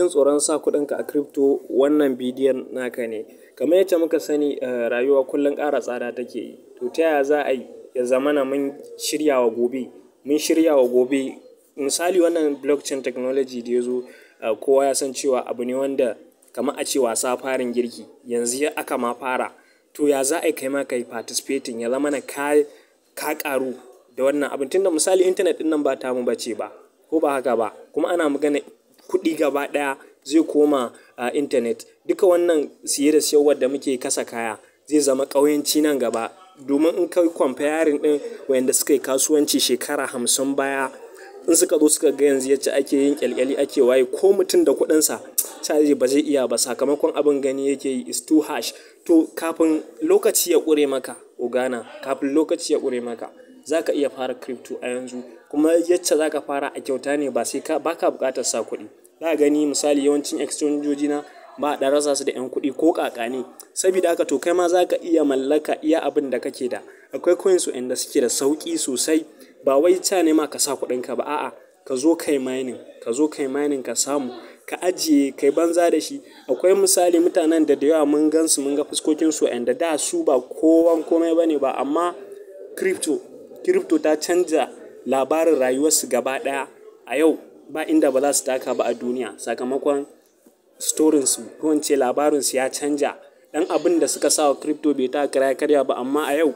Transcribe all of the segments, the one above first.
jin tsoron sa kudinka a crypto wannan bidiyon naka ne kamar yadda muka sani eh, rayuwa kullum ƙara tsada take yi to ta yaya za a yi ya zamana mun shirya wa gobe mun shirya wa gobe misali wannan blockchain technology da ya zo eh, kowa ya san cewa abu ne wanda kamar a ce wasa farin girki yanzu ya aka ma fara to ya za a yi kai ma kai participating ya zama na ka ka karu da wannan abin tunda misali internet din nan ba ta mu bace ba ko ba haka ba kuma ana magana kuɗi gaba ɗaya zai koma a intanet duka wannan siye da siyarwar da muke kasa kaya zai zama ƙauyenci nan gaba domin in kai comparing ɗin wayanda suka yi kasuwanci shekara hamsin baya in suka zo suka ga yanzu yacce ake yin kyalkyali ake waye ko mutum da kuɗinsa caji ba zai iya ba sakamakon abin gani yake yi is too harsh to kafin lokaci ya ƙure maka ogana kafin lokaci ya ƙure maka za ka iya fara crypto a yanzu kuma yacce za ka fara a kyauta ne ba sai ka ba ka buƙatar sa kuɗi. Za ka gani misali yawancin exchange na ba a ɗan rasa su da yan kuɗi ko ƙaƙa ne. saboda haka to kai ma za ka iya mallaka iya abin da kake da. Akwai coins waɗanda suke da sauki sosai. Ba wai ca ne ma ka sa kuɗin ka ba a'a. Ka zo kai mining, ka zo ka mining ka samu, ka ajiye, kai banza da shi. Akwai misali mutanen da da yawa mun gan su mun ga fuskokinsu waɗanda da su ba kowan komai ba ba amma crypto, crypto ta canja labarin rayuwarsu gaba ɗaya a yau ba inda ba za su taka ba a duniya sakamakon storinsu ko in ce labarinsu ya canja ɗan abin da suka sa wa crypto bai ta kira karya ba amma a yau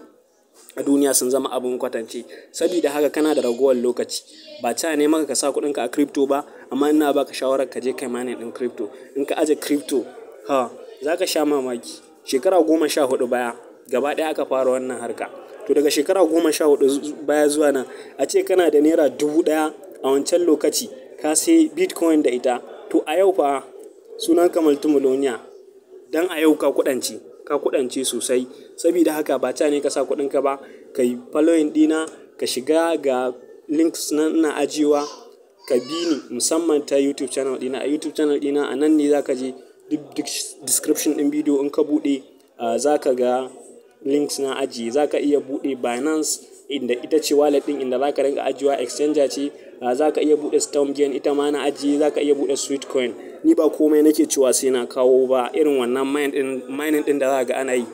a duniya sun zama abin kwatance saboda haka kana da ragowar lokaci ba ta ne maka ka sa kuɗinka a crypto ba amma ina baka shawarar ka je kai ne ɗin crypto in ka aje crypto ha za ka sha mamaki shekara goma sha hudu baya gaba ɗaya aka fara wannan harka to daga shekara goma sha hudu baya zuwa nan a ce kana da naira dubu ɗaya a wancan lokaci ka sai bitcoin da ita to a yau fa sunan ka multimiloniya dan a yau ka kudanci ka kudanci sosai saboda haka ba ta ne ka sa kudin ka ba ka yi following dina ka shiga ga links na ina ajiyewa ka bi ni musamman ta youtube channel dina a youtube channel dina a nan ne zaka je description din bidiyo in ka bude ah, za ka ga links na ajiye za ka iya buɗe Binance inda ita ce wallet ɗin inda za ka ringa ajiyewa exchanger ce ah, za ka iya buɗe storm gain ita ma na ajiye za ka iya buɗe sweet coin ni ba komai nake cewa sai na kawo ba irin wannan mining ɗin da za ga ana yi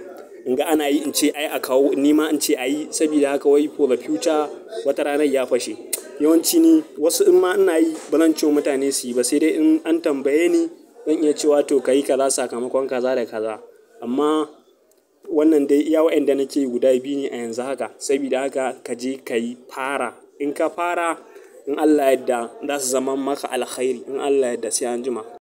in ga ana yi in ce ai a kawo ni ma in ce ayi saboda haka wai for the future wata ranar ya fashe yawanci ni wasu in ma ina yi ba zan ce mutane su yi ba sai dai in an tambaye ni zan iya cewa to ka kaza sakamakon kaza da kaza amma wannan dai iya waɗanda nake guda biyu ne a yanzu haka. Sabida haka ka je ka yi fara. In ka fara in Allah yadda za su zama maka alkhairi. In Allah yadda sai an jima